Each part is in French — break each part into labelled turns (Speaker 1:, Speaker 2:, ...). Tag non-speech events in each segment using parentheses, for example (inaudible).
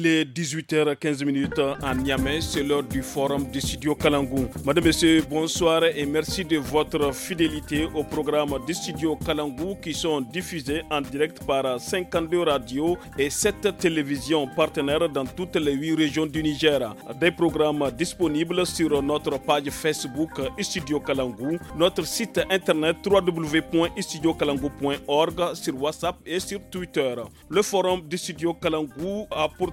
Speaker 1: Il est 18h15 en Niamey, c'est l'heure du forum du studio Kalangou. Madame, Messieurs, bonsoir et merci de votre fidélité au programme du studio Kalangou qui sont diffusés en direct par 52 radios et 7 télévisions partenaires dans toutes les 8 régions du Niger. Des programmes disponibles sur notre page Facebook Studio Kalangou, notre site internet www.studiokalangou.org, sur WhatsApp et sur Twitter. Le forum du studio Kalangou a pour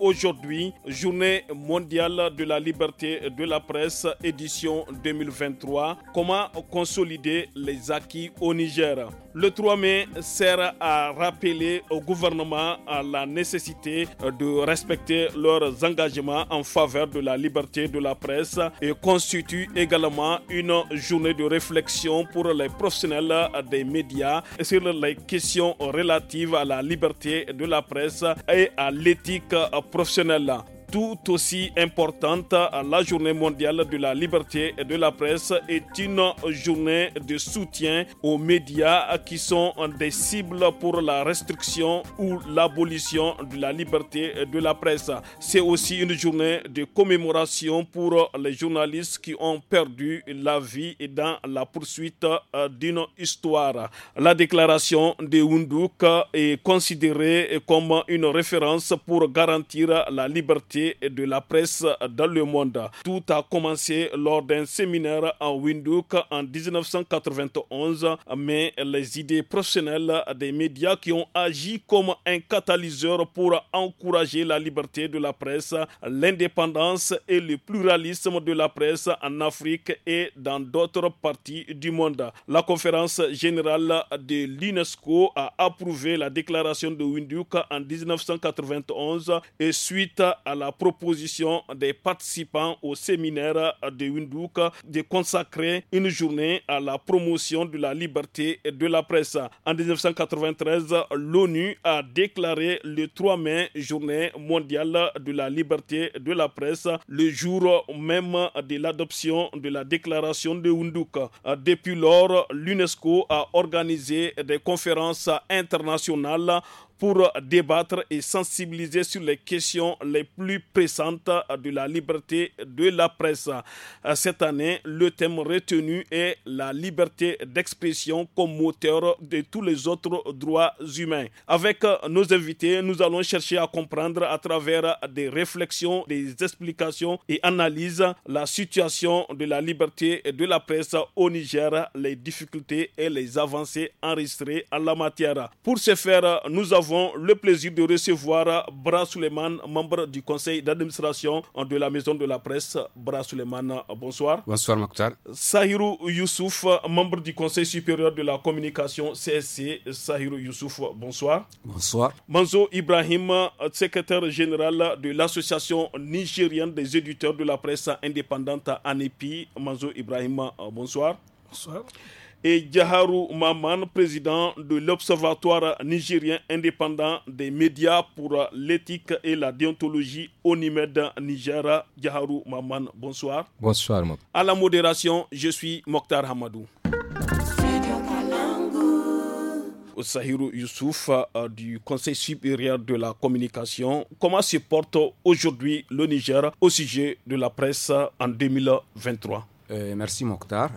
Speaker 1: aujourd'hui, Journée mondiale de la liberté de la presse, édition 2023. Comment consolider les acquis au Niger Le 3 mai sert à rappeler au gouvernement la nécessité de respecter leurs engagements en faveur de la liberté de la presse et constitue également une journée de réflexion pour les professionnels des médias sur les questions relatives à la liberté de la presse et à l'éthique euh, professionnel là tout aussi importante, la journée mondiale de la liberté et de la presse est une journée de soutien aux médias qui sont des cibles pour la restriction ou l'abolition de la liberté de la presse. C'est aussi une journée de commémoration pour les journalistes qui ont perdu la vie dans la poursuite euh, d'une histoire. La déclaration de Hunduk est considérée comme une référence pour garantir la liberté de la presse dans le monde. Tout a commencé lors d'un séminaire en Windhoek en 1991, mais les idées professionnelles des médias qui ont agi comme un catalyseur pour encourager la liberté de la presse, l'indépendance et le pluralisme de la presse en Afrique et dans d'autres parties du monde. La conférence générale de l'UNESCO a approuvé la déclaration de Windhoek en 1991 et suite à la la proposition des participants au séminaire de Windhoek de consacrer une journée à la promotion de la liberté de la presse. En 1993, l'ONU a déclaré le 3 mai journée mondiale de la liberté de la presse, le jour même de l'adoption de la déclaration de Windhoek. Depuis lors, l'UNESCO a organisé des conférences internationales pour débattre et sensibiliser sur les questions les plus pressantes de la liberté de la presse. Cette année, le thème retenu est la liberté d'expression comme moteur de tous les autres droits humains. Avec nos invités, nous allons chercher à comprendre à travers des réflexions, des explications et analyses la situation de la liberté de la presse au Niger, les difficultés et les avancées enregistrées en la matière. Pour ce faire, nous avons avons le plaisir de recevoir Bras Suleiman, membre du conseil d'administration de la maison de la presse. Bras Suleiman, bonsoir.
Speaker 2: Bonsoir, Mokhtar.
Speaker 1: Sahirou Youssouf, membre du conseil supérieur de la communication CSC. Sahirou Youssouf, bonsoir. Bonsoir. Manzo Ibrahim, secrétaire général de l'association nigérienne des éditeurs de la presse indépendante ANEPI. Manzo Ibrahim, bonsoir. Bonsoir et Yaharu Maman, président de l'Observatoire nigérien indépendant des médias pour l'éthique et la déontologie Nimed Niger. Yaharu Maman, bonsoir. Bonsoir. À la modération, je suis Mokhtar Hamadou. Sahiro Youssouf euh, du Conseil supérieur de la communication. Comment se porte aujourd'hui le Niger au sujet de la presse en 2023
Speaker 3: euh, merci Mokhtar.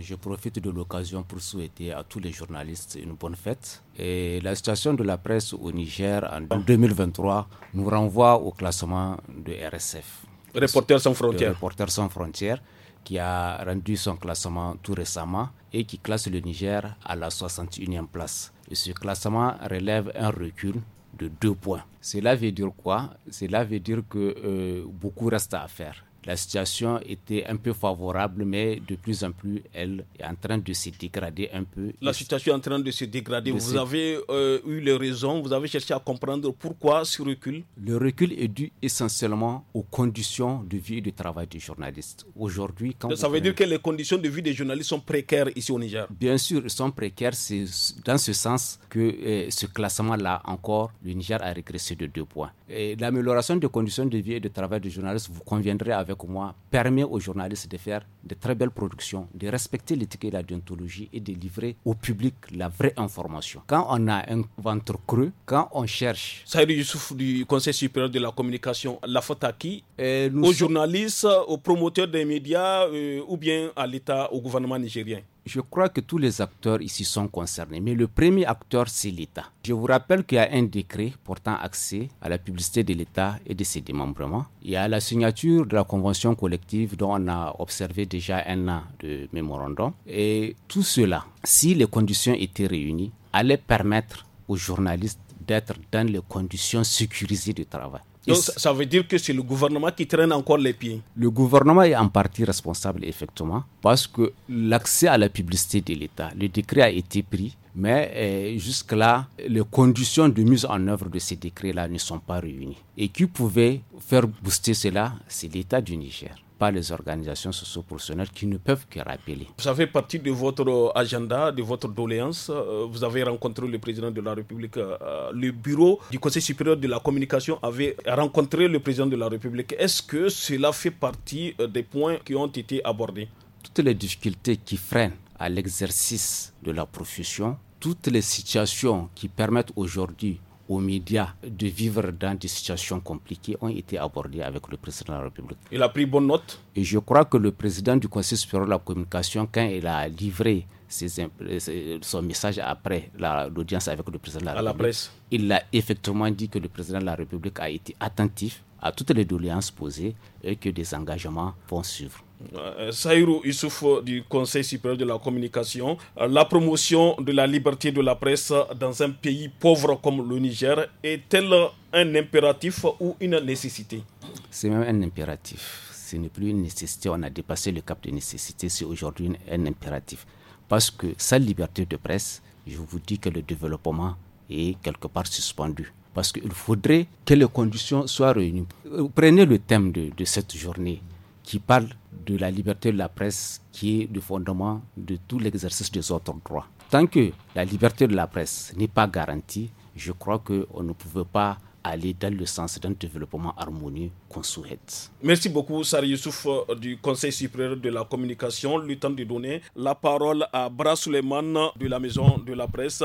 Speaker 3: je profite de l'occasion pour souhaiter à tous les journalistes une bonne fête. Et la situation de la presse au Niger en 2023 ah. nous renvoie au classement de RSF.
Speaker 1: Reporters sans frontières.
Speaker 3: sans frontières qui a rendu son classement tout récemment et qui classe le Niger à la 61e place. ce classement relève un recul de deux points. Cela veut dire quoi Cela veut dire que euh, beaucoup reste à faire la situation était un peu favorable, mais de plus en plus, elle est en train de se dégrader un peu.
Speaker 1: La situation est en train de se dégrader. vous avez euh, eu les raisons, vous avez cherché à comprendre pourquoi ce recul
Speaker 3: Le recul est dû essentiellement aux conditions de vie et de travail des journalistes. Aujourd'hui, quand... Ça veut dire
Speaker 1: que les conditions de vie des journalistes sont précaires ici au Niger
Speaker 3: Bien sûr, elles sont précaires. C'est dans ce sens que euh, ce classement-là, encore, le Niger a régressé de deux points. L'amélioration des conditions de vie et de travail des journalistes, vous conviendrez avec comme moi, permet aux journalistes de faire de très belles productions, de respecter l'éthique et la déontologie et de livrer au public la vraie information. Quand on a un ventre creux, quand on cherche...
Speaker 1: Saïd Youssouf du Conseil supérieur de la communication, la faute à qui Aux journalistes, aux promoteurs des médias euh, ou bien à l'État, au gouvernement nigérien je crois que tous les
Speaker 3: acteurs ici sont concernés, mais le premier acteur, c'est l'État. Je vous rappelle qu'il y a un décret portant accès à la publicité de l'État et de ses démembrements. Il y a la signature de la convention collective dont on a observé déjà un an de mémorandum. Et tout cela, si les conditions étaient réunies, allait permettre aux journalistes d'être dans les conditions sécurisées de travail. Donc
Speaker 1: ça, veut dire que c'est le gouvernement qui traîne encore les pieds.
Speaker 3: Le gouvernement est en partie responsable, effectivement, parce que l'accès à la publicité de l'État, le décret a été pris, mais eh, jusque-là, les conditions de mise en œuvre de ces décrets-là ne sont pas réunies. Et qui pouvait faire booster cela, c'est l'État du Niger par les organisations socio-professionnelles qui ne peuvent que rappeler.
Speaker 1: Ça fait partie de votre agenda, de votre doléance. Euh, vous avez rencontré le président de la République. Euh, le bureau du Conseil supérieur de la communication avait rencontré le président de la République. Est-ce que cela fait partie euh, des points qui ont été abordés
Speaker 3: Toutes les difficultés qui freinent à l'exercice de la profession, toutes les situations qui permettent aujourd'hui aux médias de vivre dans des situations compliquées ont été abordées avec le président de la République.
Speaker 1: Il a pris bonne note
Speaker 3: Et je crois que le président du Conseil supérieur de la communication, quand il a livré euh, son message après l'audience avec le président de la République, il a effectivement dit que le président de la République a été attentif à toutes les doléances posées et que des engagements vont suivre.
Speaker 1: Euh, Saïrou Issouf du Conseil supérieur de la communication, euh, la promotion de la liberté de la presse dans un pays pauvre comme le Niger est-elle un impératif ou une nécessité
Speaker 3: C'est même un impératif. Ce n'est plus une nécessité. On a dépassé le cap de nécessité. C'est aujourd'hui un impératif. Parce que sans liberté de presse, je vous dis que le développement est quelque part suspendu parce qu'il faudrait que les conditions soient réunies. Euh, prenez le thème de, de, cette journée qui parle de la liberté de la presse qui est le fondement de tout l'exercice des autres droits. Tant que la liberté de la presse n'est pas garantie, je crois qu'on ne pouvait pas aller dans le sens d'un développement harmonieux qu'on souhaite.
Speaker 1: Merci beaucoup, Sari Youssouf euh, du Conseil supérieur de la communication. Le temps de donner la parole à bras Suleiman de la Maison de la Presse.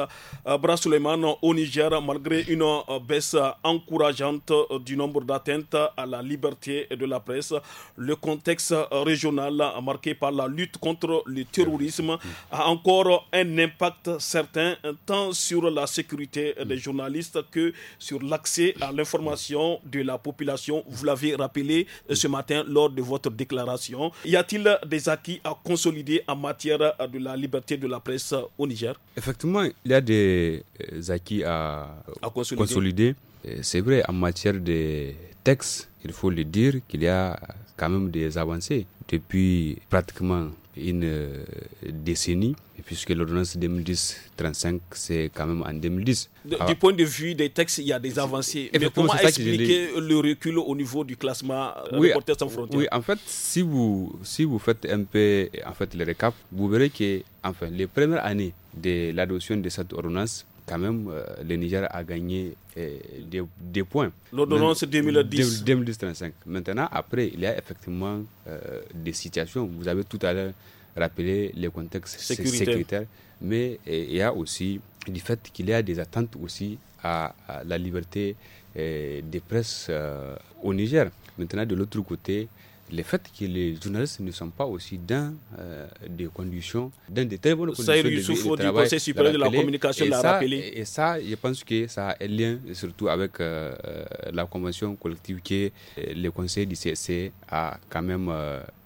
Speaker 1: Euh, Bra au Niger, malgré une euh, baisse encourageante du nombre d'atteintes à la liberté de la presse, le contexte régional marqué par la lutte contre le terrorisme a encore un impact certain tant sur la sécurité des journalistes que sur l'accès à l'information de la population. Vous l'avez rappelé euh, ce matin lors de votre déclaration. Y a-t-il des acquis à consolider en matière de la liberté de la presse au Niger
Speaker 2: Effectivement, il y a des euh, acquis à, consolider. consolider. C'est vrai, en matière de textes, il faut le dire qu'il y a quand même des avancées depuis pratiquement une euh, décennie, puisque l'ordonnance 2010-35, c'est quand même en 2010. Ah. Du
Speaker 1: point de vue des textes, il y a des avancées. Mais comment expliquer le recul au niveau du classement euh, oui, Reporters sans frontières Oui,
Speaker 2: en fait, si vous, si vous faites un peu en fait, le récap, vous verrez que enfin, les premières années de l'adoption de cette ordonnance, quand même, euh, le Niger a gagné euh, des, points. L'ordonnance 2010. 2010 Maintenant, après, il y a effectivement euh, des situations. Vous avez tout à l'heure rappelé le contexte sécuritaire, mais il y a aussi du fait qu'il y a des attentes aussi à, la liberté des presses au Niger. Maintenant, de l'autre côté, le fait que les journalistes ne sont pas aussi dans euh, des conditions, dans des très bonnes conditions. de, travail, supérieur de la communication l'a Et ça, je pense que ça a un lien surtout avec euh, euh, la convention collective que le Conseil du CSC a quand même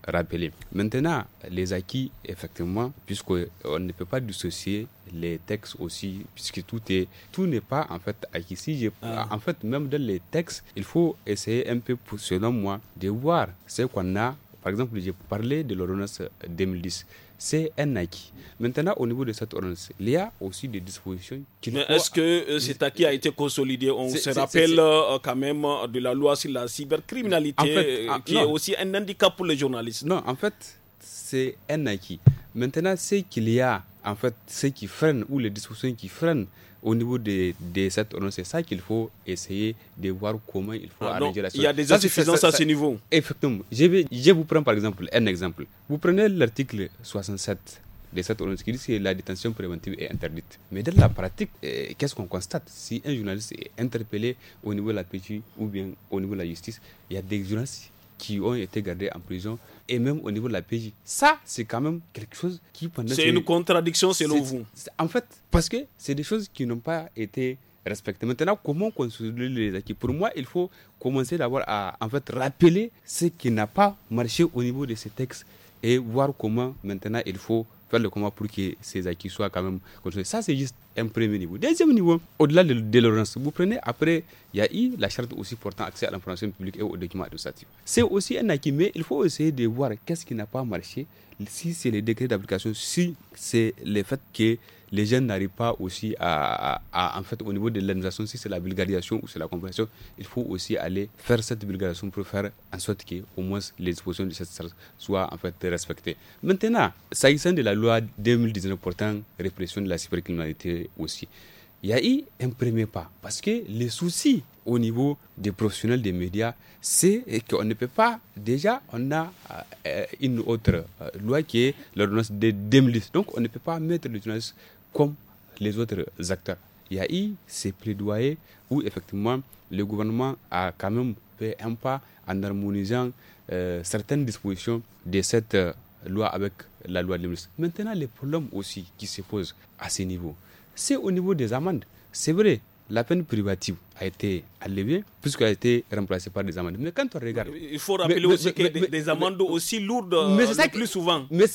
Speaker 2: rappelé. Maintenant, les acquis, effectivement, puisqu'on ne peut pas dissocier les textes aussi, puisque tout est tout n'est pas en fait acquis. Si ah. En fait, même dans les textes, il faut essayer un peu, selon moi, de voir ce qu'on a. Par exemple, j'ai parlé de l'ordonnance 2010 c'est un acquis. Maintenant, au niveau de cette ordonnance, il y a aussi des dispositions
Speaker 1: qui. Mais est-ce que cet acquis a été consolidé On se rappelle euh, quand même euh, de la loi sur la cybercriminalité, euh, qui est aussi un handicap pour
Speaker 2: les journalistes. Non, en fait, c'est un acquis. Maintenant, c'est qu'il y a, en fait, ce qui freine ou les discussions qui freinent au niveau de, de cette ordonnance, c'est ça qu'il faut essayer de voir comment il faut ah, arranger la chose. Il y a des insuffisances à ce niveau. Effectivement. Je, je vous prends par exemple un exemple. Vous prenez l'article 67 de cette ordonnance qui dit que la détention préventive est interdite. Mais dans la pratique, euh, qu'est-ce qu'on constate Si un journaliste est interpellé au niveau de la PJ ou bien au niveau de la justice, il y a des journalistes qui ont été gardés en prison et même au niveau de la PJ. Ça, c'est quand même quelque chose qui C'est une
Speaker 1: contradiction selon
Speaker 2: vous. En fait, parce que c'est des choses qui n'ont pas été respectées. Maintenant, comment construire les acquis Pour moi, il faut commencer d'abord à en fait rappeler ce qui n'a pas marché au niveau de ces textes et voir comment maintenant il faut le combat pour que ces acquis soient quand même continués. Ça, c'est juste un premier niveau. Deuxième niveau, au-delà de, de vous prenez après, il y a eu la charte aussi portant accès à l'information publique et aux documents administratifs. C'est aussi un acquis, mais il faut essayer de voir qu'est-ce qui n'a pas marché, si c'est les décrets d'application, si c'est le fait que les jeunes n'arrivent pas aussi à, en fait, au niveau de l'organisation, si c'est la vulgarisation ou c'est la compréhension, il faut aussi aller faire cette vulgarisation pour faire en sorte que, au moins, les dispositions de cette charte soient, en fait, respectées. Maintenant, s'agissant de la loi 2019 portant répression de la cybercriminalité aussi, il y a eu un premier pas. Parce que les soucis au niveau des professionnels des médias, c'est qu'on ne peut pas. Déjà, on a euh, une autre euh, loi qui est l'ordonnance des 2010. Donc, on ne peut pas mettre le journaliste comme les autres acteurs. Il y a eu ces plaidoyers où effectivement le gouvernement a quand même fait un pas en harmonisant euh, certaines dispositions de cette euh, loi avec la loi de l'Église. Maintenant, les problèmes aussi qui se posent à ce niveau, c'est au niveau des amendes. C'est vrai, la peine privative a été allévée puisqu'elle a été remplacée par des amendes. Mais quand on regarde...
Speaker 1: Il faut rappeler aussi que des, amendes aussi lourdes mais euh, ça
Speaker 2: plus souvent. Mais,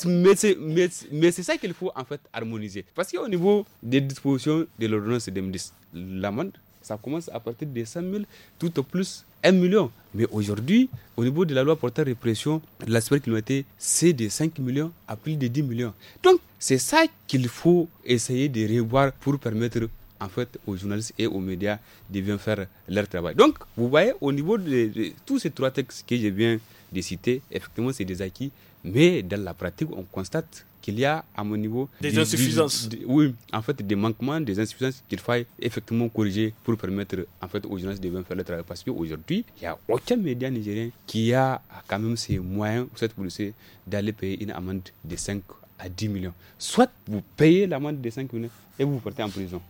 Speaker 2: c'est ça qu'il faut en fait harmoniser. Parce qu'au niveau des dispositions de l'ordonnance 2010, l'amende, ça commence à partir de 5 000 tout au plus 1 million. Mais aujourd'hui, au niveau de la loi portant répression de la été c'est de 5 millions à plus de 10 millions. Donc, c'est ça qu'il faut essayer de revoir pour permettre en fait, aux journalistes et aux médias de bien faire leur travail. Donc, vous voyez, au niveau de, tous ces trois textes que j'ai bien de citer, effectivement, c'est des acquis, mais dans la pratique, on constate qu'il y a, à mon niveau, des, insuffisances. oui, en fait, des manquements, des insuffisances qu'il faille effectivement corriger pour permettre, en fait, aux journalistes de bien faire leur travail. Parce qu'aujourd'hui, il n'y a aucun média nigérien qui a quand même ces moyens, cette police, d'aller payer une amende de 5 à 10 millions. Soit vous payez moindre des 5 millions et vous, vous portez en prison.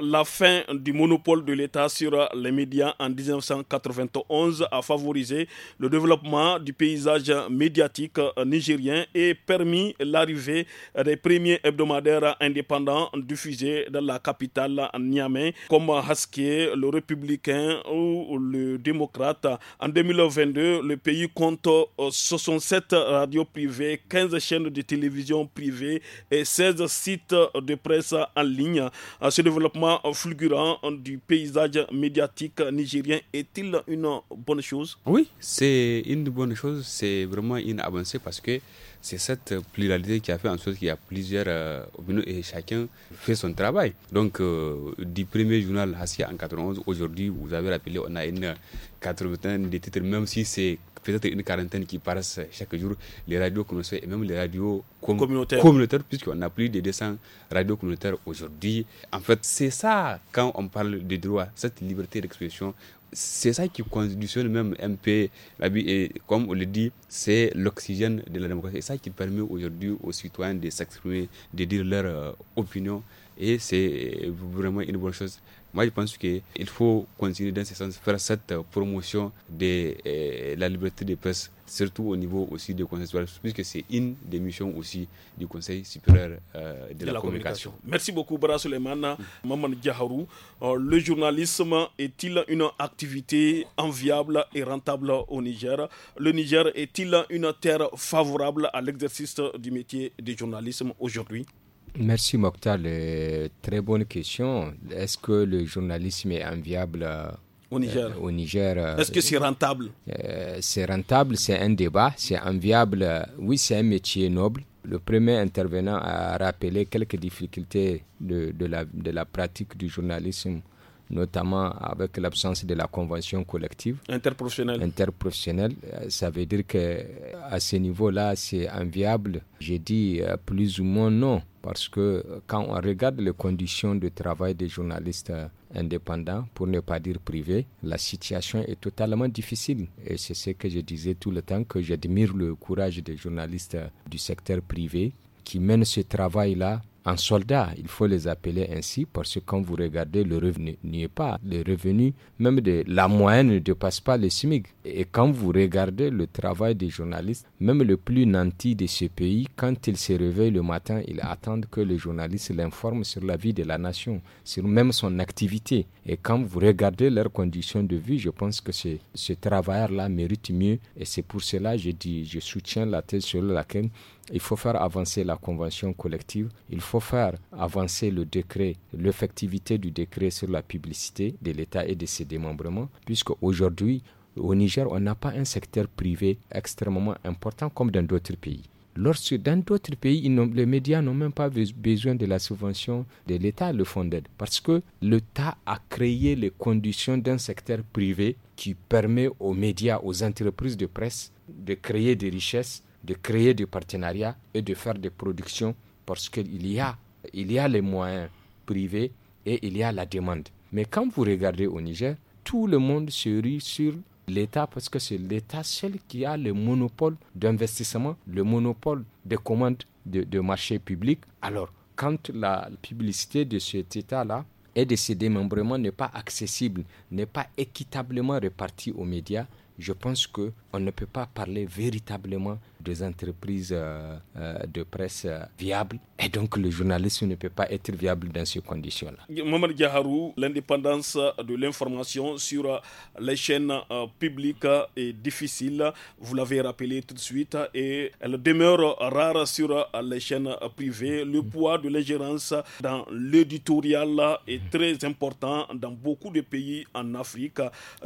Speaker 1: la fin du monopole de l'État sur les médias en 1991 a favorisé le développement du paysage médiatique nigérien et permis l'arrivée des premiers hebdomadaires indépendants diffusés dans la capitale Niamey, comme Haske, le républicain ou le démocrate. En 2022, le pays compte 67 radios privées, 15 chaînes de télévision télévision privée et 16 sites de presse en ligne. Ce développement fulgurant du paysage médiatique nigérien est-il une bonne chose
Speaker 2: Oui, c'est une bonne chose, c'est vraiment une avancée parce que c'est cette pluralité qui a fait en sorte qu'il y a plusieurs euh, et chacun fait son travail. Donc, euh, du premier journal Hassia en 91, aujourd'hui, vous avez rappelé, on a une 80 euh, de titres, même si c'est peut-être une quarantaine qui passent chaque jour, les radios et même les radios communautaires, puisqu'on a plus de 200 radios communautaires aujourd'hui. En fait, c'est ça, quand on parle de droits, cette liberté d'expression, c'est ça qui conditionne même un peu la vie. Et comme on le dit, c'est l'oxygène de la démocratie. C'est ça qui permet aujourd'hui aux citoyens de s'exprimer, de dire leur euh, opinion. Et c'est vraiment une bonne chose. Moi, je pense qu'il faut continuer dans ce sens, faire cette promotion de euh, la liberté de presse, surtout au niveau aussi du Conseil supérieur, puisque c'est une des missions aussi du Conseil supérieur euh, de, la, communication.
Speaker 1: Merci beaucoup, Bara Maman Djaharou. Euh, le journalisme est-il une activité enviable et rentable au Niger Le Niger est-il une terre favorable à l'exercice du métier de journalisme aujourd'hui
Speaker 4: Merci Mokhtar. Très bonne question. Est-ce que le journalisme est enviable euh, au Niger. Euh, euh, Est-ce que c'est rentable C'est rentable, c'est un débat, c'est enviable. Oui, c'est un métier noble. Le premier intervenant a rappelé quelques difficultés de, la, de pratique du journalisme, notamment avec l'absence de la convention collective.
Speaker 1: Interprofessionnelle.
Speaker 4: Interprofessionnelle. Ça veut dire qu'à ce niveau-là, c'est enviable. J'ai dit plus ou moins non parce que euh, quand on regarde les conditions de travail des journalistes euh, indépendants, pour ne pas dire privés, la situation est totalement difficile. Et c'est ce que je disais tout le temps, que j'admire le courage des journalistes euh, du secteur privé qui mènent ce travail-là en soldats. Il faut les appeler ainsi parce que quand vous regardez, le revenu n'y est pas. Le revenu, même de la moyenne, ne dépasse pas le SMIC. Et quand vous regardez le travail des journalistes, même le plus nanti de ce pays, quand il se réveille le matin, il attend que les journalistes l'informe sur la vie de la nation, sur même son activité. Et quand vous regardez leurs conditions de vie, je pense que ce, ce travail là mérite mieux. Et c'est pour cela que je, dis, je soutiens la thèse sur laquelle il faut faire avancer la convention collective. Il faut faut faire avancer le décret, l'effectivité du décret sur la publicité de l'État et de ses démembrements, puisque aujourd'hui, au Niger, on n'a pas un secteur privé extrêmement important comme dans d'autres pays. Lorsque dans d'autres pays, les médias n'ont même pas besoin de la subvention de l'État, le fonds d'aide, parce que l'État a créé les conditions d'un secteur privé qui permet aux médias, aux entreprises de presse de créer des richesses, de créer des partenariats et de faire des productions parce qu'il y a, il y a les moyens privés et il y a la demande. Mais quand vous regardez au Niger, tout le monde se rit sur l'État parce que c'est l'État seul qui a le monopole d'investissement, le monopole de commandes de, de marché public. Alors, quand la publicité de cet État-là et de ses démembrements n'est pas accessible, n'est pas équitablement répartie aux médias, je pense qu'on ne peut pas parler véritablement des entreprises euh, euh, de presse euh, viables. Et donc le journalisme ne peut pas être viable dans ces conditions-là.
Speaker 1: Maman Gaharou, l'indépendance de l'information sur les chaînes publiques est difficile. Vous l'avez rappelé tout de suite et elle demeure rare sur les chaînes privées. Le mm. poids de l'ingérence dans l'éditorial est mm. très important dans beaucoup de pays en Afrique.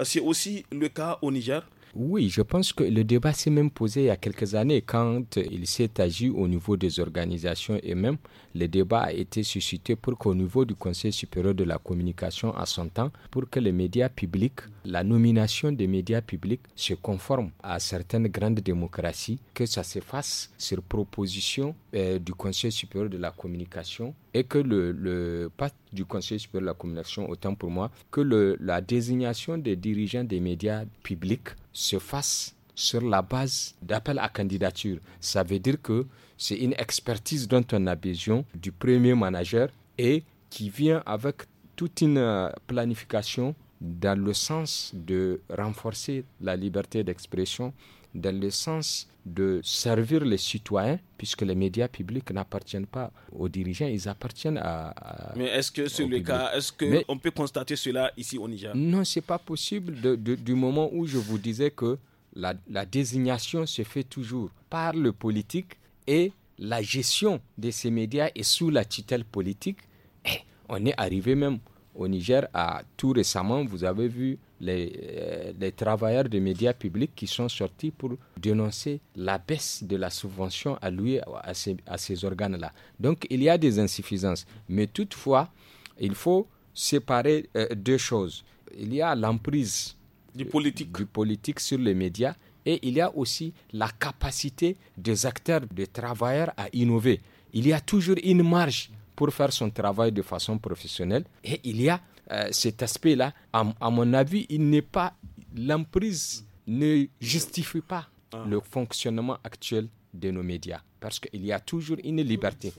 Speaker 1: C'est aussi le cas au Niger.
Speaker 4: Oui, je pense que le débat s'est même posé il y a quelques années quand il s'est agi au niveau des organisations et même le débat a été suscité pour qu'au niveau du Conseil supérieur de la communication à son temps, pour que les médias publics, la nomination des médias publics se conforme à certaines grandes démocraties, que ça se fasse sur proposition euh, du Conseil supérieur de la communication et que le, pas du Conseil supérieur de la communication, autant pour moi, que la désignation des dirigeants des médias publics se fasse sur la base d'appel à candidature. Ça veut dire que c'est une expertise dont on a besoin du premier manager et qui vient avec toute une euh, planification dans le sens de renforcer la liberté d'expression, dans le sens de servir les citoyens, puisque les médias publics n'appartiennent pas aux dirigeants, ils appartiennent à. Mais
Speaker 1: est-ce que c'est le cas Est-ce qu'on peut constater cela ici au Niger
Speaker 4: Non, c'est pas possible du moment où je vous disais que la, désignation se fait toujours par le politique et la gestion de ces médias est sous la tutelle politique. Et eh, on est arrivé même au Niger, tout récemment, vous avez vu euh, les, travailleurs des médias publics qui sont sortis pour dénoncer la baisse de la subvention allouée à ces, organes-là. Donc il y a des insuffisances. Mais toutefois, il faut séparer euh, deux choses. Il y a l'emprise du politique. Euh, du politique sur les médias et il y a aussi la capacité des acteurs, des travailleurs à innover. Il y a toujours une marge pour faire son travail de façon professionnelle. Et il y a euh, cet aspect-là. À, mon avis, il n'est pas l'emprise ne justifie pas ah. le fonctionnement actuel de nos médias parce qu'il y a toujours une liberté.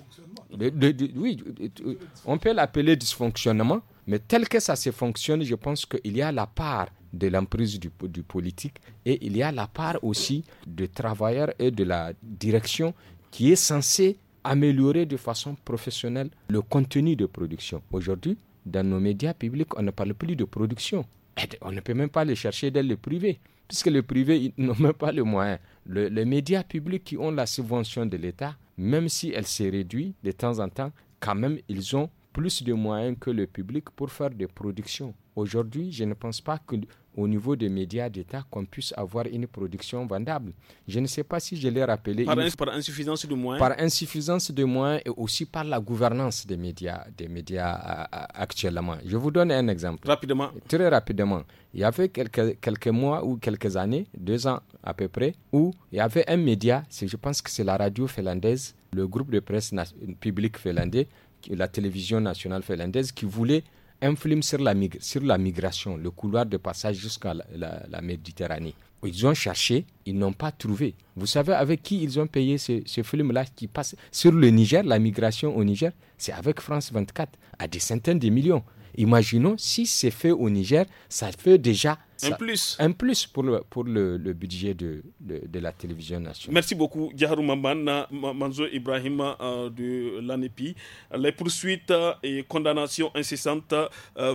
Speaker 4: oui, euh, euh, on peut l'appeler dysfonctionnement, mais tel que ça se fonctionne, je pense qu'il y a la part de l'emprise du, du, politique et il y a la part aussi de travailleurs et de la direction qui est censée améliorer de façon professionnelle le contenu de production. Aujourd'hui, dans nos médias publics, on ne parle plus de production. On ne peut même pas les chercher dans le privé, puisque le privé, (laughs) n'a même pas le moyen. les médias publics qui ont la subvention de l'État, même si elle s'est réduite de temps en temps, quand même, ils ont plus de moyens que le public pour faire des productions. Aujourd'hui, je ne pense pas que au niveau des médias d'État qu'on puisse avoir une production vendable. Je ne sais pas si je l'ai rappelé. Par,
Speaker 1: insuffisance de moyens Par
Speaker 4: insuffisance de moyens et aussi par la gouvernance des médias, des médias euh, euh, actuellement. Je vous donne un exemple. Rapidement. Très rapidement. Il y avait quelques, quelques mois ou quelques années, deux ans à peu près, où il y avait un média, je pense que c'est la radio finlandaise, le groupe de presse publique finlandais, la télévision nationale finlandaise, qui voulait film sur la, sur la migration, le couloir de passage jusqu'à la, Méditerranée. Ils ont cherché, ils n'ont pas trouvé. Vous savez avec qui ils ont payé ce, ce film-là qui passe sur le Niger, la migration au Niger C'est avec France 24, à des centaines de millions. Imaginons si c'est fait au Niger, ça fait déjà un plus. plus pour le, budget de, la télévision nationale.
Speaker 1: Merci beaucoup, Djaharou euh, Manzo Ibrahim euh, de l'ANEPI. Les poursuites euh, et condamnations incessantes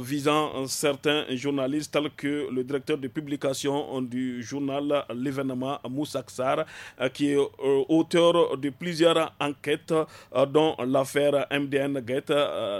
Speaker 1: visant certains journalistes, tels que le directeur de publication du journal L'événement, Moussa Ksar, qui est auteur de plusieurs enquêtes, dont l'affaire MDN Get,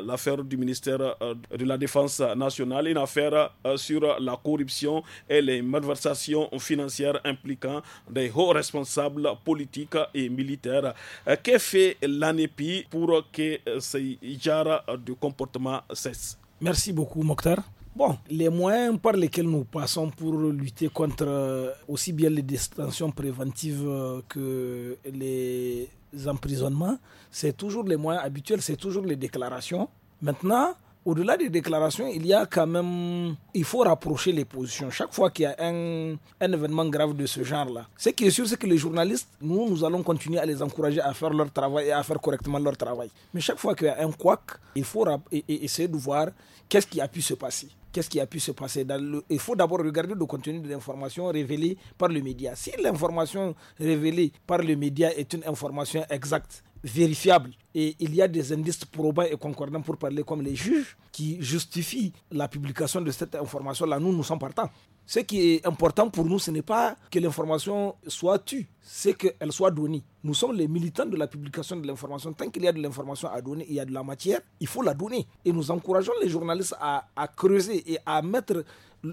Speaker 1: l'affaire du ministère de la Défense nationale, une affaire sur la corruption et les malversations financières impliquant des hauts responsables politiques et militaires. Euh, que fait l'ANEPI pour que euh, ce genre de comportement cesse
Speaker 5: Merci beaucoup, Mokhtar. Bon, les moyens par lesquels nous passons pour lutter contre euh, aussi bien les détentions préventives que les emprisonnements, c'est toujours les moyens habituels, c'est toujours les déclarations. Maintenant, au-delà des déclarations, il y a quand même. Il faut rapprocher les positions. Chaque fois qu'il y a un, événement grave de ce genre-là, ce qui est sûr, c'est que les journalistes, nous, nous allons continuer à les encourager à faire leur travail et à faire correctement leur travail. Mais chaque fois qu'il y a un couac, il faut essayer de voir qu'est-ce qui a pu se passer qu'est-ce qui a pu se passer dans Il faut d'abord regarder le contenu de l'information révélée par le média. Si l'information révélée par le média est une information exacte vérifiable. Et il y a des indices probants et concordants pour parler comme les juges qui justifient la publication de cette information-là. Nous, nous sommes partants. Ce qui est important pour nous, ce n'est pas que l'information soit tue, c'est qu'elle soit donnée. Nous sommes les militants de la publication de l'information. Tant qu'il y a de l'information à donner, il y a de la matière, il faut la donner. Et nous encourageons les journalistes à, à creuser et à mettre...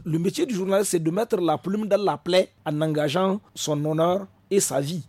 Speaker 5: Le métier du journaliste, c'est de mettre la plume dans la plaie en engageant son honneur et sa vie.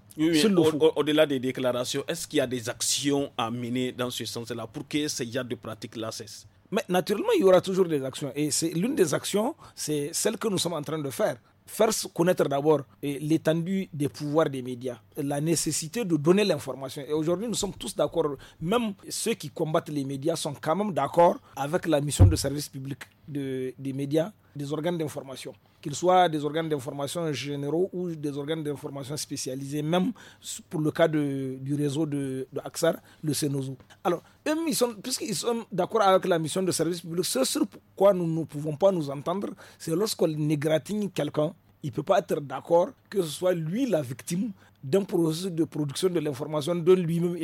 Speaker 1: Au-delà des déclarations, est-ce qu'il y a des actions à mener dans ce sens-là pour que ces genre de pratiques-là cessent
Speaker 5: Mais naturellement, il y aura toujours des actions. Et c'est l'une des actions, c'est celle que nous sommes en train de faire faire connaître d'abord l'étendue des pouvoirs des médias, la nécessité de donner l'information. Et aujourd'hui, nous sommes tous d'accord, même ceux qui combattent les médias sont quand même d'accord avec la mission de service public des médias, des organes d'information qu'ils soient des organes d'information généraux ou des organes d'information spécialisés, même pour le cas du réseau de, de AXAR, le CENOZO. Alors, eux, ils puisqu'ils sont d'accord avec la mission de service public, ce sur quoi nous ne pouvons pas nous entendre, c'est lorsqu'on égratigne quelqu'un il ne peut pas être d'accord que ce soit lui la victime d'un processus de production de l'information lui-même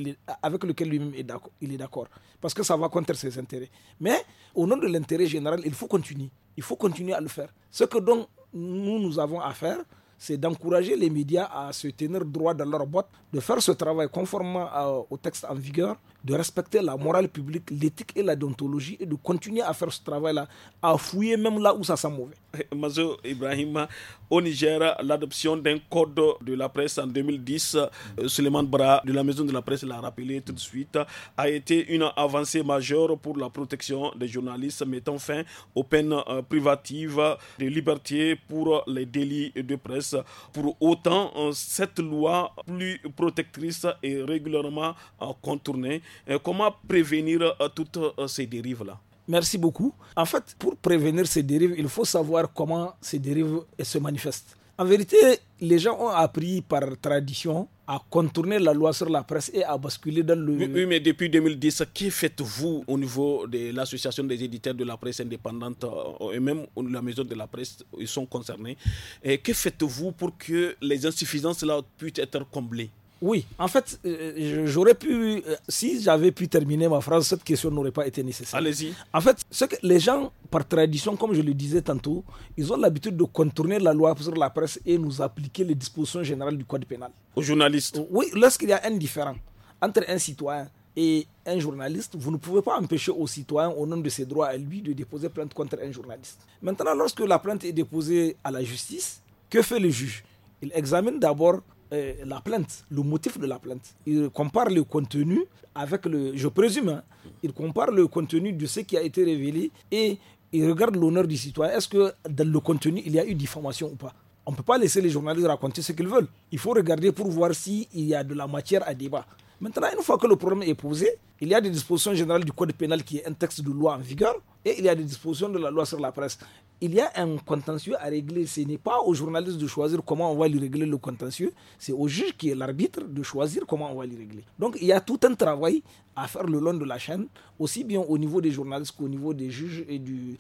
Speaker 5: avec lequel lui-même il est d'accord. Parce que ça va contre ses intérêts. Mais au nom de l'intérêt général, il faut continuer. Il faut continuer à le faire. Ce que donc nous, nous avons à faire, c'est d'encourager les médias à se tenir droit dans leur boîte, de faire ce travail conformément au texte en vigueur de respecter la morale publique, l'éthique et la déontologie et de continuer à faire ce travail-là, à fouiller même là où ça sent mauvais. (laughs)
Speaker 1: Monsieur Ibrahim, au Niger, l'adoption d'un code de la presse en 2010, euh, Suleiman Bra de la Maison de la Presse l'a rappelé tout de suite, a été une avancée majeure pour la protection des journalistes, mettant fin aux peines euh, privatives de liberté pour les délits de presse. Pour autant, euh, cette loi plus protectrice est régulièrement contournée. Euh, comment prévenir euh, toutes euh, ces dérives-là
Speaker 5: Merci beaucoup. En fait, pour prévenir ces dérives, il faut savoir comment ces dérives se manifestent. En vérité, les gens ont appris par tradition à contourner la loi sur la presse et à basculer dans le... Oui,
Speaker 1: mais depuis 2010, que faites-vous au niveau de l'association des éditeurs de la presse indépendante et même la maison de la presse, ils sont concernés. Et que faites-vous pour que les insuffisances là puissent être comblées
Speaker 5: oui, en fait, euh, j'aurais pu, euh, si j'avais pu terminer ma phrase, cette question n'aurait pas été nécessaire. Allez-y. En fait, ce que les gens, par tradition, comme je le disais tantôt, ils ont l'habitude de contourner la loi sur la presse et nous appliquer les dispositions générales du code pénal.
Speaker 1: Aux journalistes.
Speaker 5: Euh, oui, lorsqu'il y a un différent entre un citoyen et un journaliste, vous ne pouvez pas empêcher au citoyen, au nom de ses droits à lui, de déposer plainte contre un journaliste. Maintenant, lorsque la plainte est déposée à la justice, que fait le juge Il examine d'abord euh, la plainte, le motif de la plainte. Il compare le contenu avec le, je présume, hein, il compare le contenu de ce qui a été révélé et il regarde l'honneur du citoyen. Est-ce que dans le contenu, il y a eu diffamation ou pas On ne peut pas laisser les journalistes raconter ce qu'ils veulent. Il faut regarder pour voir s'il y a de la matière à débat. Maintenant, une fois que le problème est posé, il y a des dispositions générales du Code pénal qui est un texte de loi en vigueur et il y a des dispositions de la loi sur la presse il y a un contentieux à régler. Ce n'est pas au journaliste de choisir comment on va lui régler le contentieux, c'est au juge qui est l'arbitre de choisir comment on va lui régler. Donc il y a tout un travail à faire le long de la chaîne, aussi bien au niveau des journalistes qu'au niveau des juges et du,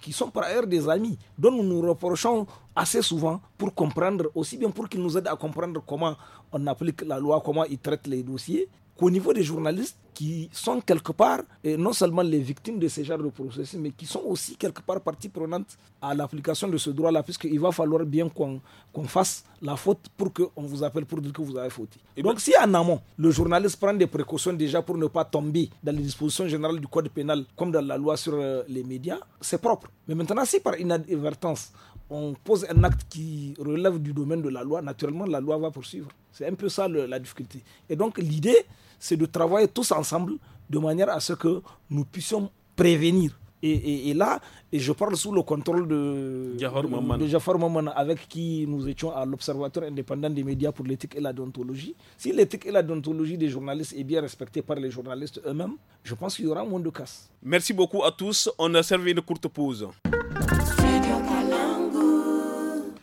Speaker 5: qui sont par ailleurs des amis, dont nous nous reprochons assez souvent pour comprendre, aussi bien pour qu'ils nous aident à comprendre comment on applique la loi, comment ils traitent les dossiers, qu'au niveau des journalistes qui sont quelque part, et non seulement les victimes de ce genre de processus, mais qui sont aussi quelque part partie prenante à l'application de ce droit-là, puisqu'il va falloir bien qu'on fasse la faute pour qu'on vous appelle pour dire que vous avez fauté. Et eh ben, Donc, si en amont, le journaliste prend des précautions déjà pour ne pas tomber dans les dispositions générales du Code pénal, comme dans la loi sur euh, les médias, c'est propre. Mais maintenant, si par inadvertance, on pose un acte qui relève du domaine de la loi, naturellement, la loi va poursuivre. C'est un peu ça la difficulté. Et donc, l'idée, c'est de travailler tous ensemble de manière à ce que nous puissions prévenir. Et, là, je parle sous le contrôle de, de Jafar Maman, avec qui nous étions à l'Observatoire indépendant des médias pour l'éthique et la déontologie. Si l'éthique et la déontologie des journalistes est bien respectée par les journalistes eux-mêmes, je pense qu'il y aura moins de casse.
Speaker 1: Merci beaucoup à tous. On a servi une courte pause.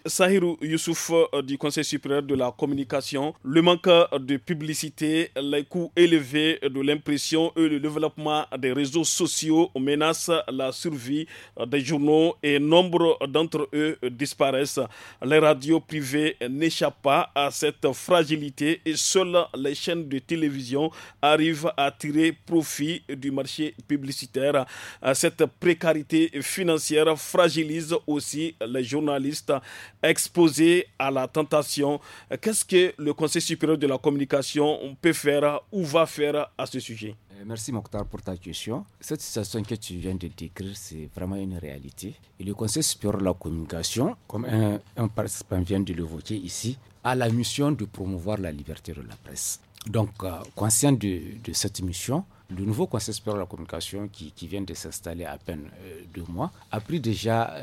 Speaker 1: Sahirou Youssouf euh, du Conseil supérieur de la communication, le manque euh, de publicité, les coûts élevés de l'impression et le développement des réseaux sociaux menacent la survie euh, des journaux et nombre d'entre eux disparaissent. Les radios privées n'échappent pas à cette fragilité et seules les chaînes de télévision arrivent à tirer profit du marché publicitaire. Cette précarité financière fragilise aussi les journalistes exposé à la tentation. Qu'est-ce que le Conseil supérieur de la communication peut faire ou va faire à ce sujet
Speaker 3: euh, Merci Mokhtar pour ta question. Cette situation que tu viens de décrire, c'est vraiment une réalité. Et le Conseil supérieur de la communication, comme un, participant vient de l'évoquer ici, a la mission de promouvoir la liberté de la presse. Donc, euh, conscient de, cette mission, le nouveau Conseil supérieur de la communication qui, vient de s'installer à peine euh, deux mois a pris déjà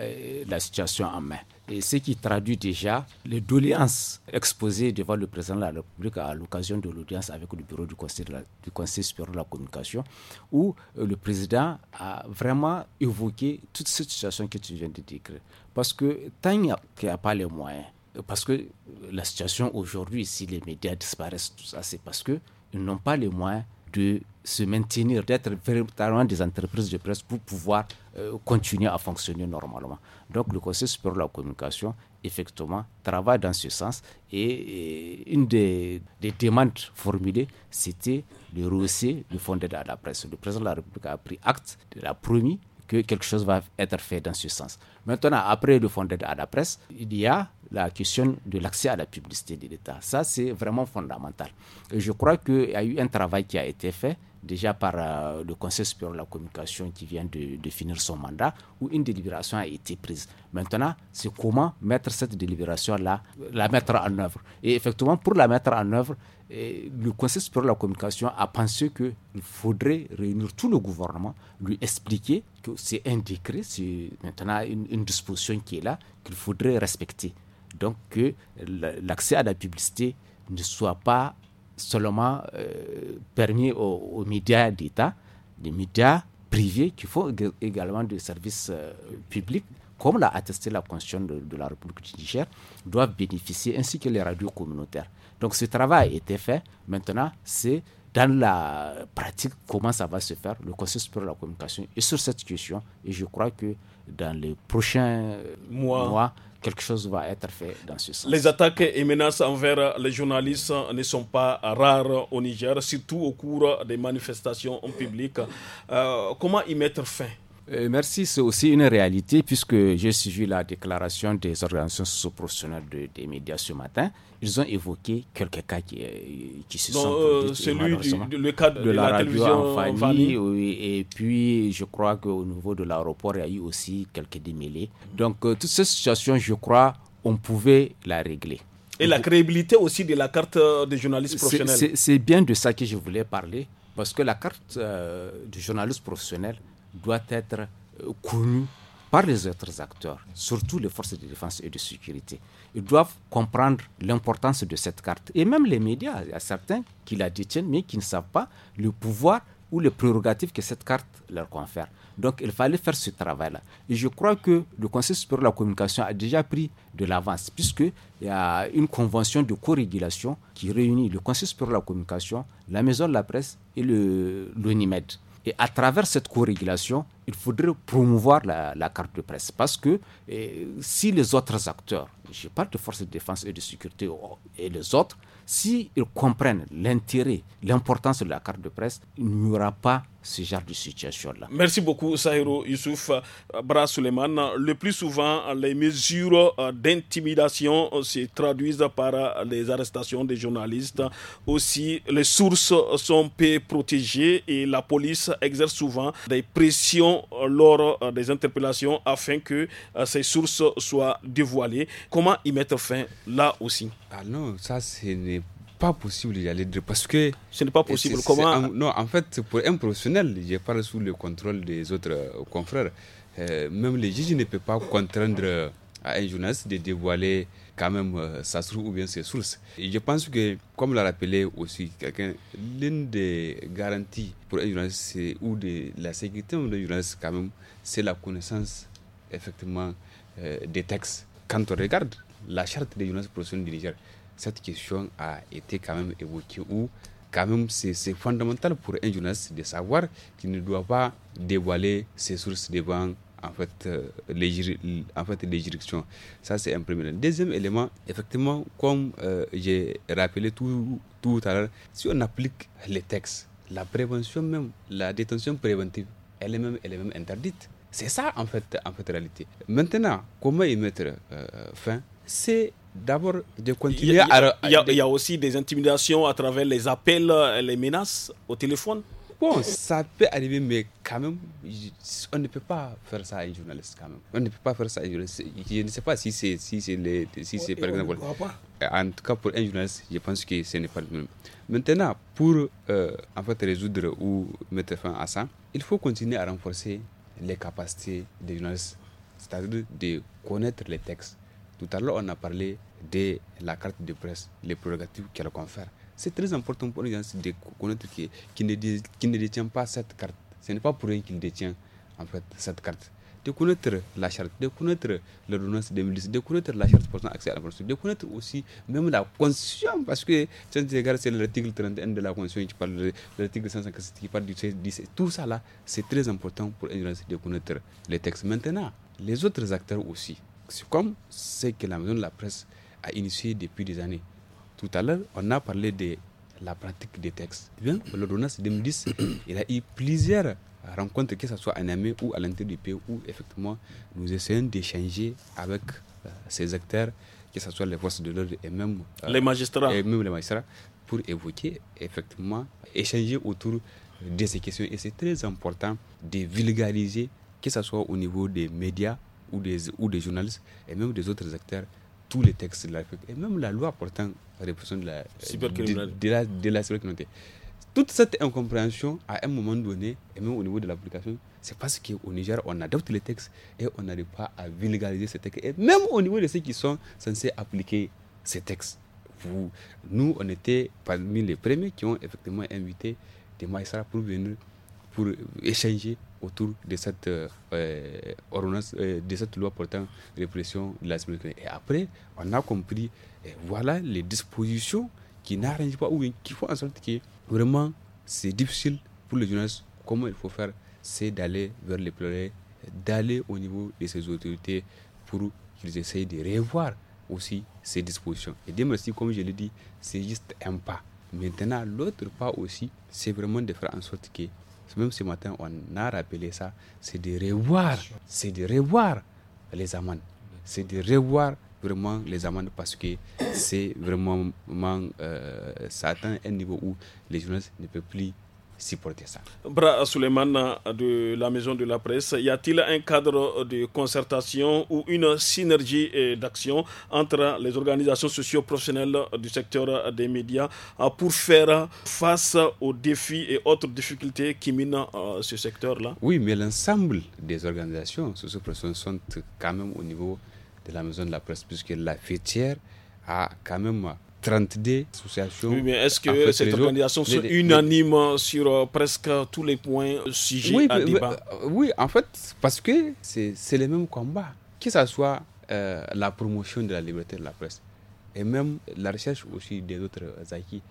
Speaker 3: la situation en main et ce qui traduit déjà les doléances exposées devant le président de la République à l'occasion de l'audience avec le bureau du Conseil, du Conseil supérieur de la communication, où euh, le président a vraiment évoqué toute cette situation que tu viens de décrire. Parce que tant qu'il n'y a pas les moyens, euh, parce que euh, la situation aujourd'hui, si les médias disparaissent, tout ça, c'est parce qu'ils n'ont pas les moyens de se maintenir, d'être véritablement des entreprises de presse pour pouvoir euh, continuer à fonctionner normalement. Donc le Conseil supérieur de la communication, effectivement, travaille dans ce sens et, une des, demandes formulées, c'était le rehausser le fonds d'aide la presse. Le président de la République a pris acte, il la promis que quelque chose va être fait dans ce sens. Maintenant, après le fondé à la presse, il y a la question de l'accès à la publicité de l'État. Ça, c'est vraiment fondamental. Et je crois qu'il y a eu un travail qui a été fait déjà par euh, le Conseil supérieur de la communication qui vient de, finir son mandat, où une délibération a été prise. Maintenant, c'est comment mettre cette délibération-là, la mettre en œuvre. Et effectivement, pour la mettre en œuvre, eh, le Conseil supérieur de la communication a pensé qu'il faudrait réunir tout le gouvernement, lui expliquer que c'est un décret, c'est maintenant une disposition qui est là, qu'il faudrait respecter. Donc, que l'accès à la publicité ne soit pas seulement euh, permis aux, médias d'État, des médias privés qui font également des services euh, publics, comme l'a attesté la Constitution de, la République du Niger, doivent bénéficier ainsi que les radios communautaires. Donc ce travail a été fait. Maintenant, c'est dans la pratique comment ça va se faire, le Conseil pour la communication. Et sur cette question, et je crois que dans les prochains euh, mois quelque chose va être fait dans ce sens. Les
Speaker 1: attaques et menaces envers les journalistes ne sont pas rares au Niger, surtout au cours des manifestations en public. Euh, comment y mettre fin
Speaker 3: euh, merci, c'est aussi une réalité puisque j'ai suivi la déclaration des organisations socioprofessionnelles de, des médias ce matin. Ils ont évoqué quelques cas qui, euh, se sont... Euh, celui du, le cas de, la, radio en famille. et puis, je crois qu'au niveau de l'aéroport, il y a eu aussi quelques démêlés. Donc, euh, toute toutes ces situations, je crois, on pouvait la régler.
Speaker 1: Et la crédibilité aussi de la carte des journalistes professionnels.
Speaker 3: C'est bien de ça que je voulais parler, parce que la carte des du journaliste professionnel, doit être euh, connu par les autres acteurs, surtout les forces de défense et de sécurité. Ils doivent comprendre l'importance de cette carte. Et même les médias, il y a certains qui la détiennent, mais qui ne savent pas le pouvoir ou les prérogatives que cette carte leur confère. Donc il fallait faire ce travail-là. Et je crois que le Conseil supérieur de la communication a déjà pris de l'avance, puisqu'il y a une convention de co-régulation qui réunit le Conseil supérieur de la communication, la Maison de la presse et l'ONIMED. Et à travers cette co-régulation, il faudrait promouvoir la, carte de presse. Parce que eh, si les autres acteurs, je parle de forces de défense et de sécurité et les autres, s'ils comprennent l'intérêt, l'importance de la carte de presse, il n'y aura pas ce genre de
Speaker 1: situation-là. Merci beaucoup, Sahiro Youssouf euh, Suleiman. Le plus souvent, les mesures euh, d'intimidation euh, se traduisent par les arrestations des journalistes. Aussi, les sources sont peu protégées et la police exerce souvent des pressions lors des interpellations afin que ces sources soient dévoilées. Comment y mettre fin là aussi Ah non, ça, ce n'est
Speaker 2: pas possible d'y aller parce que. Ce n'est pas possible. Comment Non, en fait, pour un professionnel, je parle sous le contrôle des autres euh, confrères. Euh, même les juges ne peuvent pas contraindre euh, à un journaliste de dévoiler quand même sa source ou bien ses sources. Et je pense que, comme l'a rappelé aussi quelqu'un, l'une des garanties pour un journaliste ou de la sécurité d'un journaliste quand même, c'est la connaissance effectivement des textes. Quand on regarde la charte des journalistes professionnels du Niger, cette question a été quand même évoquée ou quand même c'est fondamental pour un journaliste de savoir qu'il ne doit pas dévoiler ses sources devant euh, en fait, les, en fait les juridictions. Ça, c'est un premier élément. Deuxième élément, effectivement, comme euh, j'ai rappelé tout, tout à l'heure, si on applique les textes, la prévention même, la détention préventive, elle est même, elle même interdite. C'est ça, en fait, en fait, réalité. Maintenant, comment y mettre euh, fin C'est d'abord de continuer il y a,
Speaker 1: aussi des intimidations à travers les appels, les menaces au téléphone. Bon,
Speaker 2: ça peut arriver, mais quand même, on ne peut pas faire ça à un journaliste quand même. On ne peut pas faire ça Je ne sais pas si c'est, si c'est, les, si c'est par exemple. Euh, en tout cas, pour un journaliste, je pense que ce n'est pas le même. Maintenant, pour euh, en fait résoudre ou mettre fin à ça, il faut continuer à renforcer les capacités des journalistes, c'est-à-dire de connaître les textes tout à l'heure, on a parlé de la carte de presse, les prérogatives qu'elle confère. C'est très important pour une hein, de connaître qui, ne, qui ne détient pas cette carte. Ce n'est pas pour rien qu'il détient en fait cette carte de connaître la charte, de connaître l'ordonnance 2010, de connaître la charte pour son accès à la Constitution, de connaître aussi même la constitution, parce que c'est l'article 31 de la constitution qui parle de l'article 157 qui parle du 16 Tout ça là, c'est très important pour une de connaître les textes. Maintenant, les autres acteurs aussi, comme ce que la maison de la presse a initié depuis des années. Tout à l'heure, on a parlé de la pratique des textes. Eh bien, l'ordonnance 2010, il a eu plusieurs rencontres, que ce soit en Amérique ou à l'intérieur du pays, où effectivement nous essayons d'échanger avec euh, ces acteurs, que ce soit les forces de l'ordre et même euh, les magistrats. Et même les magistrats, pour évoquer effectivement, échanger autour de ces questions. Et c'est très important de vulgariser, que ce soit au niveau des médias, ou des, ou des journalistes et même des autres acteurs tous les textes de la et même la loi portant la répression de la cybercriminalité. De, la, de la Toute cette incompréhension, à un moment donné, et même au niveau de l'application, c'est parce qu'au Niger, on adopte les textes et on n'arrive pas à vulgariser ces textes. Et même au niveau de ceux qui sont censés appliquer ces textes. Vous, nous, on était parmi les premiers qui ont effectivement invité des magistrats pour venir, pour échanger autour de cette euh, euh, euh, de cette loi portant répression de la criminelle. Et après, on a compris, voilà les dispositions qui n'arrangent pas ou qui font en sorte que vraiment c'est difficile pour les jeunes Comment il faut faire, c'est d'aller vers les pluriels, d'aller au niveau de ces autorités pour qu'ils essayent de revoir aussi ces dispositions. Et Dieu comme je l'ai dit, c'est juste un pas. Maintenant, l'autre pas aussi, c'est vraiment de faire en sorte que même ce matin, on a rappelé ça. C'est de revoir, c'est de revoir les amendes. C'est de revoir vraiment les amendes parce que c'est vraiment, euh, ça atteint un niveau où les journalistes ne peuvent plus supporter ça.
Speaker 1: Bra Suleiman de la Maison de la Presse, y a-t-il un cadre de concertation ou une synergie euh, d'action entre les organisations socioprofessionnelles du secteur des médias euh, pour faire face aux défis et autres difficultés qui minent euh, ce secteur-là
Speaker 2: Oui, mais l'ensemble des organisations socioprofessionnelles sont quand même au niveau de la Maison de la Presse, puisque la fêtière a quand même 32 associations. Oui, mais est-ce que cette organisation unanime
Speaker 1: sur euh, presque tous les points sujets oui, à
Speaker 2: Oui, en fait, parce que c'est le même combat, Que ce soit euh, la promotion de la liberté de la presse et même la recherche aussi des autres euh, acquis.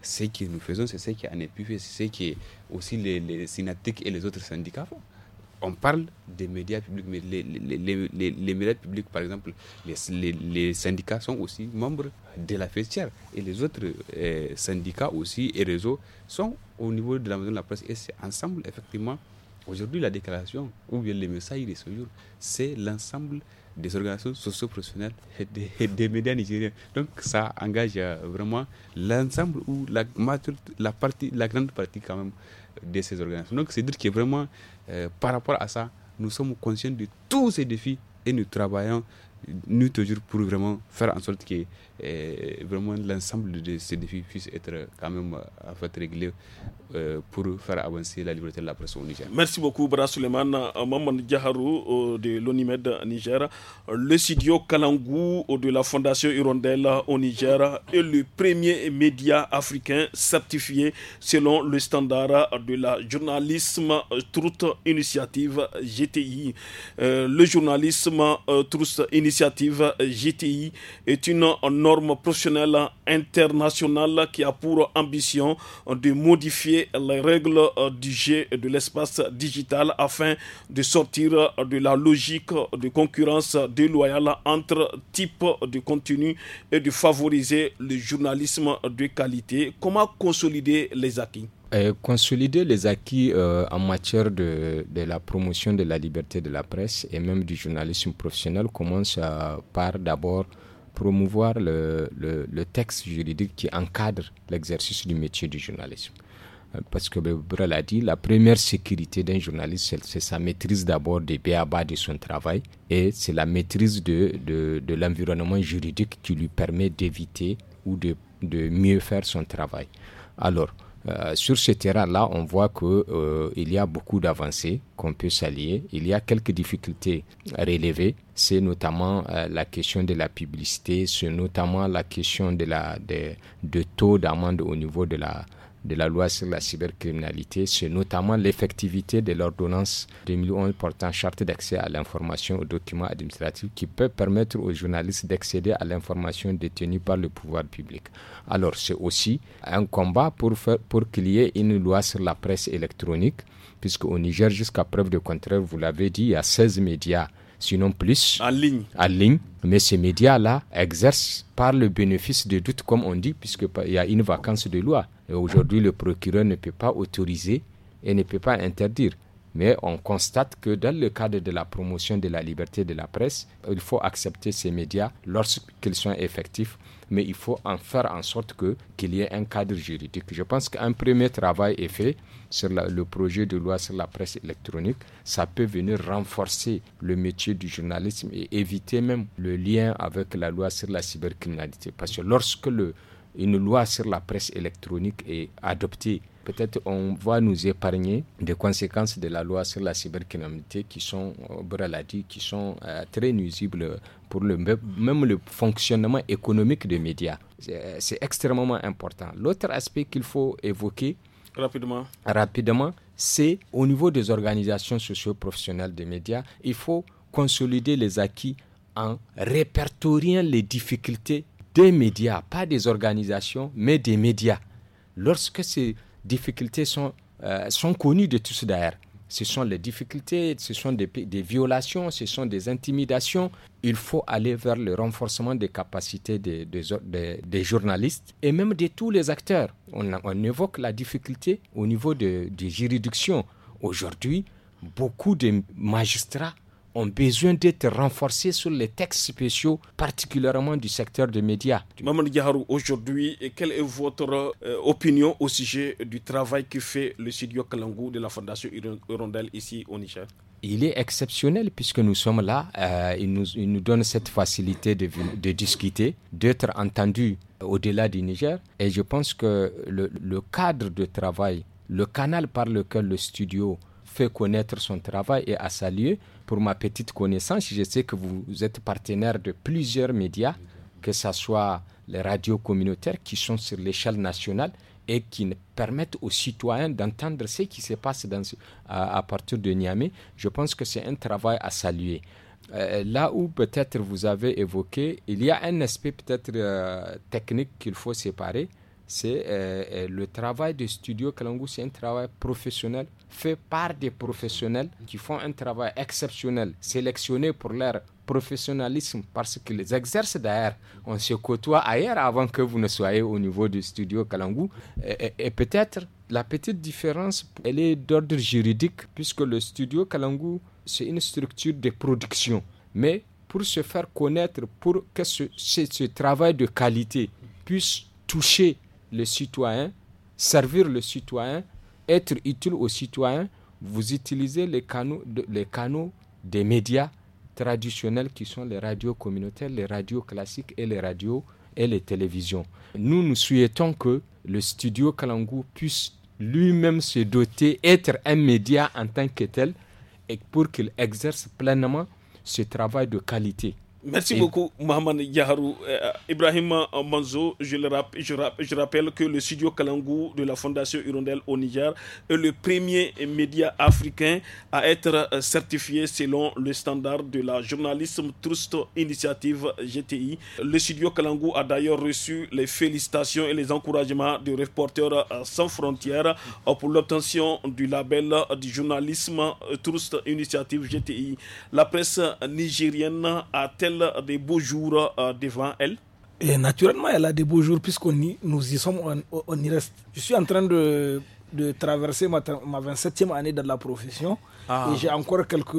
Speaker 2: Ce que nous faisons, c'est ce qui en est pu fait, c'est ce que aussi les, synaptiques et les autres syndicats font on parle des médias publics, mais les, médias publics, par exemple, les, syndicats sont aussi membres de la festière. Et les autres euh, syndicats aussi et réseaux sont au niveau de la maison de la presse. Et c'est ensemble, effectivement, aujourd'hui, la déclaration ou bien les messages de ce jour, c'est l'ensemble des organisations socio-professionnelles et des, médias nigériens. Donc ça engage euh, vraiment l'ensemble ou la, la, partie, la grande partie quand même de ces organismes. Donc, c'est dire que vraiment, euh, par rapport à ça, nous sommes conscients de tous ces défis et nous travaillons nous toujours, pour vraiment faire en sorte que et vraiment, l'ensemble de ces défis puissent être quand même euh, en fait réglés euh, pour faire avancer la liberté de la presse au Niger. Merci
Speaker 1: beaucoup, Bra euh, Maman Diaharou de l'ONIMED Niger, le studio Kalangu de la Fondation Hirondelle au Niger est le premier média africain certifié selon le standard de la journalisme Truth Initiative GTI. le journalisme Truth Initiative GTI est une Normes professionnelle internationale qui a pour ambition de modifier les règles euh, du jeu de l'espace digital afin de sortir euh, de la logique de concurrence déloyale entre types de contenu et de favoriser le journalisme de qualité. Comment consolider les acquis
Speaker 4: euh, consolider les acquis en matière de, la promotion de la liberté de la presse et même du journalisme professionnel commence par d'abord promouvoir le, le, texte juridique qui encadre l'exercice du métier du journalisme. Euh, parce que Brel a dit, la première sécurité d'un journaliste, c'est sa maîtrise d'abord des bas de son travail et c'est la maîtrise de, de, de l'environnement juridique qui lui permet d'éviter ou de, de mieux faire son travail. Alors, euh, sur ce terrain-là, on voit qu'il euh, y a beaucoup d'avancées qu'on peut s'allier. Il y a quelques difficultés à relever. C'est notamment euh, la question de la publicité, c'est notamment la question de la de taux d'amende au niveau de la de la loi sur la cybercriminalité, c'est notamment l'effectivité de l'ordonnance 2011 portant charte d'accès à l'information aux documents administratifs qui peut permettre aux journalistes d'accéder à l'information détenue par le pouvoir public. Alors c'est aussi un combat pour, faire, pour qu'il y ait une loi sur la presse électronique, puisque au Niger, jusqu'à preuve de contraire, vous l'avez dit, il y a 16 médias sinon plus. En ligne. ligne. Mais ces médias-là exercent par le bénéfice de doute comme on dit, puisqu'il y a une vacance de loi. Et aujourd'hui, le procureur ne peut pas autoriser et ne peut pas interdire. Mais on constate que dans le cadre de la promotion de la liberté de la presse, il faut accepter ces médias lorsqu'ils sont effectifs, mais il faut en faire en sorte que qu'il y ait un cadre juridique. Je pense qu'un premier travail est fait sur le projet de loi sur la presse électronique. Ça peut venir renforcer le métier du journalisme et éviter même le lien avec la loi sur la cybercriminalité. Parce que lorsque le une loi sur la presse électronique est adoptée, peut-être on va nous épargner des conséquences de la loi sur la cybercriminalité qui sont, euh, a dit, qui sont euh, très nuisibles pour le, même le fonctionnement économique des médias. Euh, c'est extrêmement important. L'autre aspect qu'il faut évoquer rapidement, rapidement c'est au niveau des organisations socio-professionnelles des médias, il faut consolider les acquis en répertoriant les difficultés des médias, pas des organisations, mais des médias. Lorsque ces difficultés sont, euh, sont connues de tous d'ailleurs, ce sont les difficultés, ce sont des, des, violations, ce sont des intimidations. Il faut aller vers le renforcement des capacités des, des, journalistes et même de tous les acteurs. On, on évoque la difficulté au niveau de, des juridictions. Aujourd'hui, beaucoup de magistrats ont besoin d'être renforcés sur les textes spéciaux, particulièrement du secteur des médias.
Speaker 1: Maman Diarou, aujourd'hui, quelle est votre euh, opinion au sujet du travail que fait le studio Kalangou de la Fondation Irondel ici au Niger
Speaker 4: il est exceptionnel puisque nous sommes là. Euh, il, nous, nous, donne cette facilité de, discuter, d'être entendu au-delà du Niger. Et je pense que le, cadre de travail, le canal par lequel le studio fait connaître son travail et à sa lieu pour ma petite connaissance, je sais que vous êtes partenaire de plusieurs médias, que ce soit les radios communautaires qui sont sur l'échelle nationale et qui permettent aux citoyens d'entendre ce qui se passe à, partir de Niamey. Je pense que c'est un travail à saluer. Euh, là où peut-être vous avez évoqué, il y a un aspect peut-être euh, technique qu'il faut séparer c'est euh, euh, le travail de Studio Kalangu, c'est un travail professionnel fait par des professionnels qui font un travail exceptionnel, sélectionné pour leur professionnalisme parce qu'ils exercent d'ailleurs. On se côtoie ailleurs avant que vous ne soyez au niveau du Studio Kalangu. Et, peut-être la petite différence, elle est d'ordre juridique puisque le Studio Kalangu, c'est une structure de production. Mais pour se faire connaître, pour que ce travail de qualité puisse toucher le citoyen, servir le citoyen, être utile au citoyen, vous utilisez les canaux, les canaux des médias traditionnels qui sont les radios communautaires, les radios classiques et les radios et les télévisions. Nous, nous souhaitons que le studio Kalangou puisse lui-même se doter, être un média en tant que tel, et pour qu'il exerce pleinement ce travail de qualité. Merci beaucoup,
Speaker 1: Mohamed Yaharou. Euh, Ibrahim Manzo, je, le rappelle que le studio Kalangou de la Fondation Hirondelle au Niger est le premier média africain à être euh, certifié selon le standard de la Journalisme Trust Initiative GTI. Le studio Kalangou a d'ailleurs reçu les félicitations et les encouragements de Reporters euh, sans frontières pour l'obtention du label du journalisme Trust Initiative GTI. La presse nigérienne a a des beaux jours euh, devant elle
Speaker 5: et naturellement, elle a des beaux jours puisqu'on y, nous y sommes, on, y reste. Je suis en train de, de traverser ma, ma 27e année dans la profession ah. et j'ai encore quelques,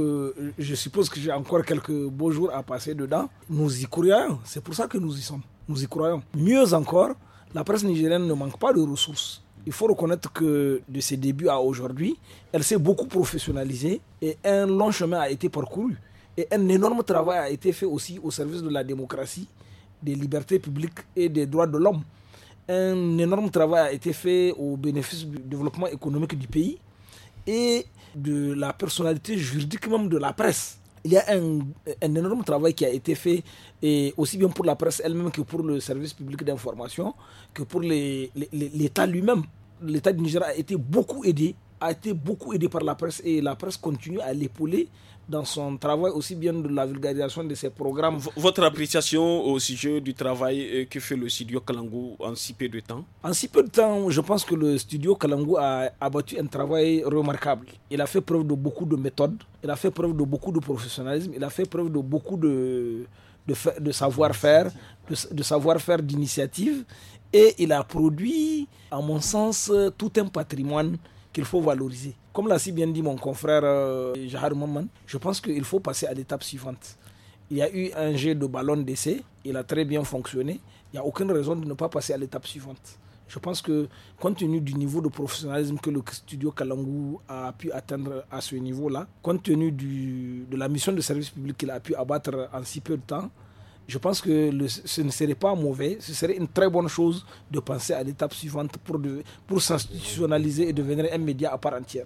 Speaker 5: je suppose que j'ai encore quelques beaux jours à passer dedans. Nous y croyons, c'est pour ça que nous y sommes. Nous y croyons. Mieux encore, la presse nigérienne ne manque pas de ressources. Il faut reconnaître que de ses débuts à aujourd'hui, elle s'est beaucoup professionnalisée et un long chemin a été parcouru. Et un énorme travail a été fait aussi au service de la démocratie, des libertés publiques et des droits de l'homme. Un énorme travail a été fait au bénéfice du développement économique du pays et de la personnalité juridique même de la presse. Il y a un, un énorme travail qui a été fait, et aussi bien pour la presse elle-même que pour le service public d'information, que pour l'État lui-même. L'État du Niger a été beaucoup aidé, a été beaucoup aidé par la presse, et la presse continue à l'épauler dans son travail aussi bien de la vulgarisation de ses programmes. votre
Speaker 1: appréciation au sujet du travail euh, que fait le studio Kalangu en si peu de temps
Speaker 5: En si peu de temps, je pense que le studio Kalangu a abattu un travail remarquable. Il a fait preuve de beaucoup de méthodes, il a fait preuve de beaucoup de professionnalisme, il a fait preuve de beaucoup de, de, savoir-faire, de, savoir-faire d'initiative, et il a produit, à mon sens, tout un patrimoine qu'il faut valoriser. Comme l'a si bien dit mon confrère euh, Jahar Maman, je pense qu'il faut passer à l'étape suivante. Il y a eu un jet de ballon d'essai, il a très bien fonctionné. Il n'y a aucune raison de ne pas passer à l'étape suivante. Je pense que compte tenu du niveau de professionnalisme que le studio Kalangu a pu atteindre à ce niveau-là, compte tenu du, de la mission de service public qu'il a pu abattre en si peu de temps, je pense que ce ne serait pas mauvais, ce serait une très bonne chose de penser à l'étape suivante pour, pour s'institutionnaliser et devenir un média à part entière.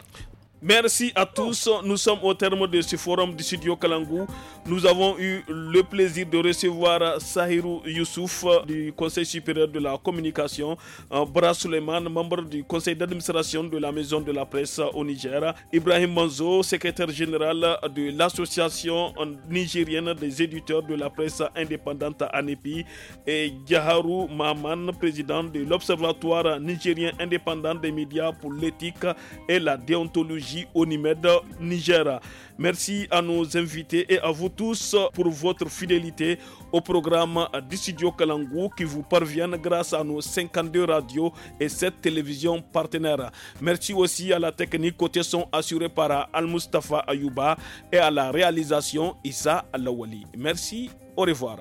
Speaker 5: Merci à tous.
Speaker 1: Nous sommes au terme de ce forum du studio Kalangou. Nous avons eu le plaisir de recevoir Sahirou Youssouf du Conseil supérieur de la communication, euh, Bras Suleiman, membre du conseil d'administration de la Maison de la Presse au Niger, Ibrahim Manzo, secrétaire général de l'Association nigérienne des éditeurs de la presse indépendante à ANEPI, et Yaharu maman président de l'Observatoire nigérien indépendant des médias pour l'éthique et la déontologie au NIMED Niger. Merci à nos invités et à vous tous pour votre fidélité au programme Dissidio studio Kalangou qui vous parvient grâce à nos 52 radios et 7 télévisions partenaires. Merci aussi à la technique côté son assurée par Al-Mustafa Ayuba et à la réalisation Issa Alawali. Merci, au revoir.